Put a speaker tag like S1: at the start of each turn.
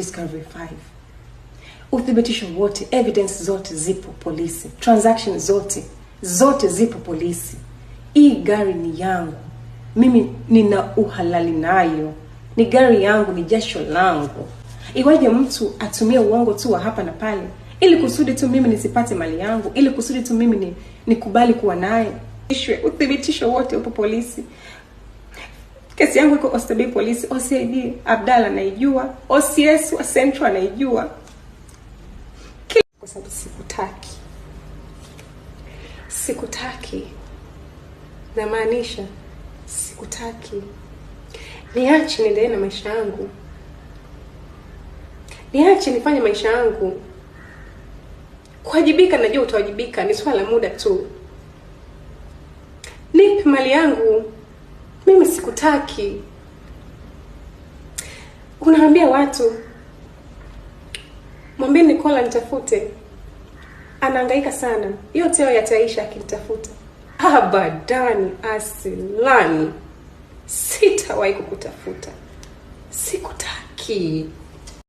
S1: Discovery 5. Uthibitisho wote, evidence zote zipo polisi, transaction zote zote zipo polisi. Hii gari ni yangu mimi, nina uhalali nayo, ni gari yangu, ni jasho langu. Iwaje mtu atumie uongo tu wa hapa na pale ili kusudi tu mimi nisipate mali yangu, ili kusudi tu mimi ni, nikubali kuwa naye. Uthibitisho wote upo polisi kesi yangu iko Oysterbay polisi. OCD Abdalla anaijua, OCS wa Central anaijua, kwa sababu sikutaki, sikutaki, namaanisha sikutaki. Niache niendelee na maisha yangu, niache nifanye maisha yangu. Kuwajibika najua utawajibika, ni swala la muda tu. Nipe mali yangu mimi sikutaki. Unaambia watu mwambie Nicola nitafute, anahangaika sana, yote hayo yataisha akinitafuta. Abadani, ah, asilani, sitawahi kukutafuta, sikutaki.